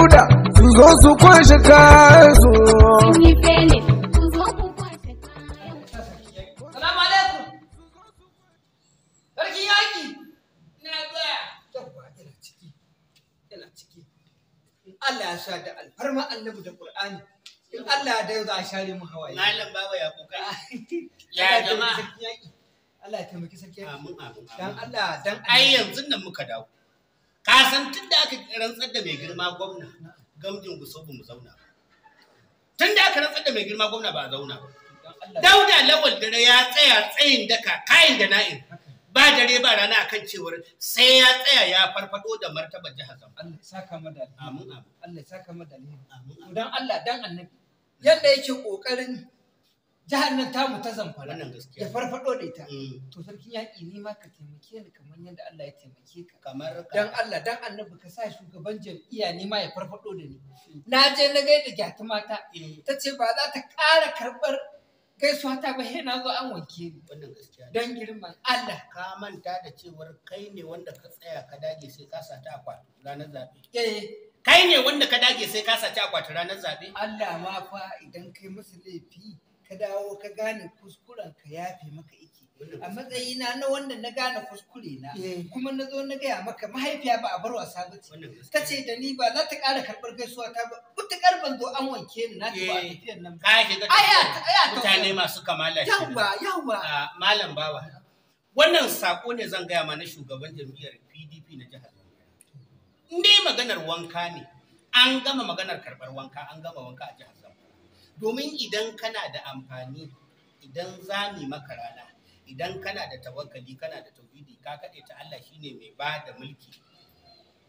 dauda su zo su kwashe kayansu Allah ya sha da alfarma annabi da Qur'ani in Allah za a share mu hawaye malam baba ya kuka ya jama'a Allah ya taimaki sarki amin amin dan Allah dan ai yanzu nan muka dawo ka san tun da aka rantsar da mai girma gwamna gamjin ku gusubu mu zauna tun da aka rantsar da mai girma gwamna ba a zauna ba dauda lawal dare ya tsaya tsayin daka kayan da na'in ba dare ba rana akan cewar sai ya tsaya ya farfado da martabar jihar Zama. Allah ya saka mada amin Allah ya saka mada amin dan Allah dan annabi yadda yake kokarin jihar nan mu ta zamfara ya farfado da ita mm. to sarkin yaƙi ni ma ka taimake ni kamar yadda Allah ya taimake ka kamar dan Allah dan annabi ka sa shugaban jam'iyya ni ma ya farfado da ni mm. na je na gaida gyatu mata mm. ta ce ba za ta ƙara karɓar su ta ba na zo an wanke ni wannan gaskiya dan girman Allah ka manta da cewar kai ne wanda ka tsaya ka dage sai ka ta akwati ranar zabe eh kai ne wanda ka dage sai ka saci akwati ranar zabe Allah ma fa idan kai musu laifi ka dawo ka gane kuskuren ka yafe maka iki a matsayina na wanda na gane kuskure na eh. kuma na zo na gaya maka mahaifiya ba a bar wasa ba ce ta ce da ni ba za ta kara karɓar gaisuwa ta ba ta ban zo an wanke ni na ta ba a eh. tafiyar nan ba mutane masu kamala shi yawa yawa ah, malam bawa wannan sako ne zan gaya ma na shugaban jam'iyyar PDP na jihar Ni maganar wanka ne an gama maganar karɓar wanka an gama wanka a jihar domin idan kana da amfani idan mu maka rana idan kana da tawakkali kana da tauhidi ka kade ta Allah shine mai ba da mulki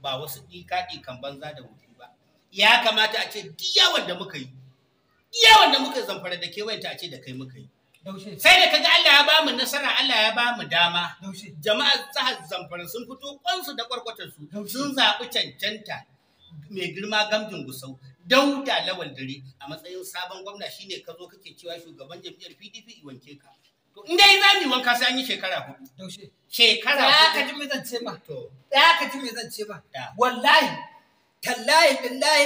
ba wasu ɗiƙaɗi kan banza da wuri ba ya kamata a ce duk yawan da muka yi yawan da muka zamfara da kewayenta a ce da kai muka yi sai da kaga Allah ya bamu nasara Allah ya bamu dama jama'a tsaha zamfara sun fito kwansu da kwarkwatar su sun zaɓi cancanta mai girma gamjin gusau dauda lawal dare a matsayin sabon gwamna shine ka zo kake cewa shugaban jam'iyyar pdp wanke ka to in dai za mu yi wanka sai an yi shekara hudu shekara hudu ya ka ji me zan ce ma ya ka ji me zan ce ma wallahi tallahi billahi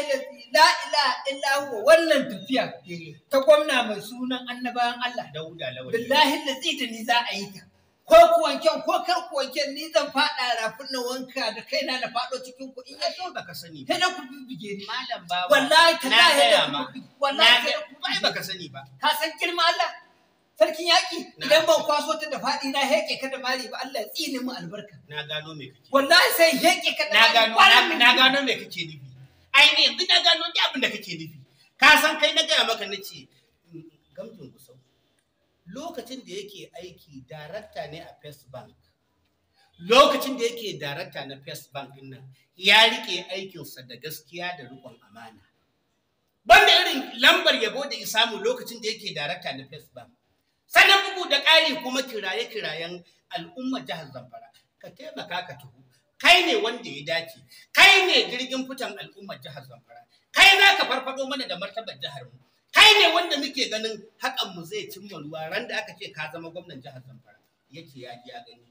la ilaha illa huwa wannan tafiya eh. ta gwamna mai sunan annabawan Allah dauda lawal. billahi lazi da ni za a yi ta ko ku wanken ko kar ku wanken ni zan faɗa rafin na wanka da kaina na faɗo cikin ku in ya so baka sani ba ku bibige ni malam baba wallahi ta da ya ma wallahi ta ku bai baka sani ba ka san girma Allah sarkin yaƙi idan ban kwaso ta da faɗi na heƙe ka da mari ba Allah ya tsine mu albarka na gano me kake wallahi sai heƙe ka da na gano na gano me kake nufi ai ne yanzu na gano duk abin da kake nufi ka san kai na gaya maka nace mm, gamjin lokacin da yake aiki darakta ne a first bank lokacin da yake darakta na first bank nan ya rike aikinsa da gaskiya da rikon amana banda irin lambar yabo da ya samu lokacin da yake darakta na first bank sannan bugu da ƙari kuma kiraye-kirayen al'ummar jihar zamfara ka taimaka ka tuhu kai ne wanda ya dace kai ne jirgin fitan al'ummar jihar zamfara kai za ka farfado mana da martabar jihar mu kai ne wanda muke ganin hakan mu zai cimma ruwa ran da aka ce ka zama gwamnan jihar Zamfara yake ya ji ya gani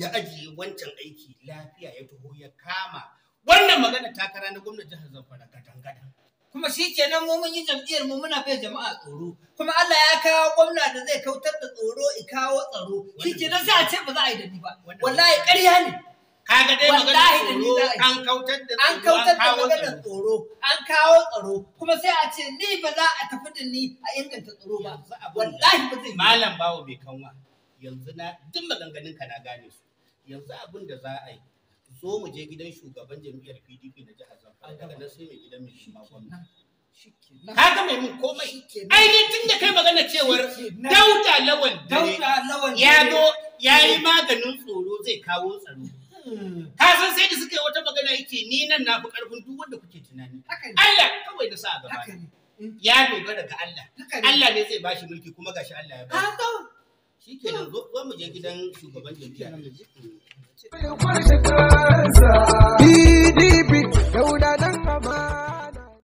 ya ajiye wancan aiki lafiya ya taho ya kama wannan magana takara na gwamnan jihar Zamfara gadan kuma shi kenan mu mun yi jam'iyyar mu muna bai jama'a tsoro kuma Allah ya kawo gwamna da zai kautar da tsoro i kawo tsaro shi kenan sai a ce ba za a yi da ni ba wallahi ƙarya ne kaga dai maganar tsoro an kautar da an kautar da maganar tsoro an kawo tsaro kuma sai a ce ni ba za a tafi da ni a inganta tsaro ba wallahi ba zai malam bawo bai kanwa yanzu na duk maganganun ka na gane su yanzu abin da za a yi zo mu je gidan shugaban jami'ar PDP na jihar Zamfara daga nan sai mai gidan mai shima gwamnati Kaga mai mun komai. Ai ni tun da kai magana cewar Dauda Lawan ya zo ya yi maganin tsoro zai kawo tsaro. ka san sai da suka yi wata magana yake ni nan na fi karfin duk wanda kuke tunani Allah kawai na sa a gaba ya dogara ga Allah Allah ne zai bashi mulki kuma gashi Allah ya bashi shi ke nan zo mu je gidan shugaban jam'iyya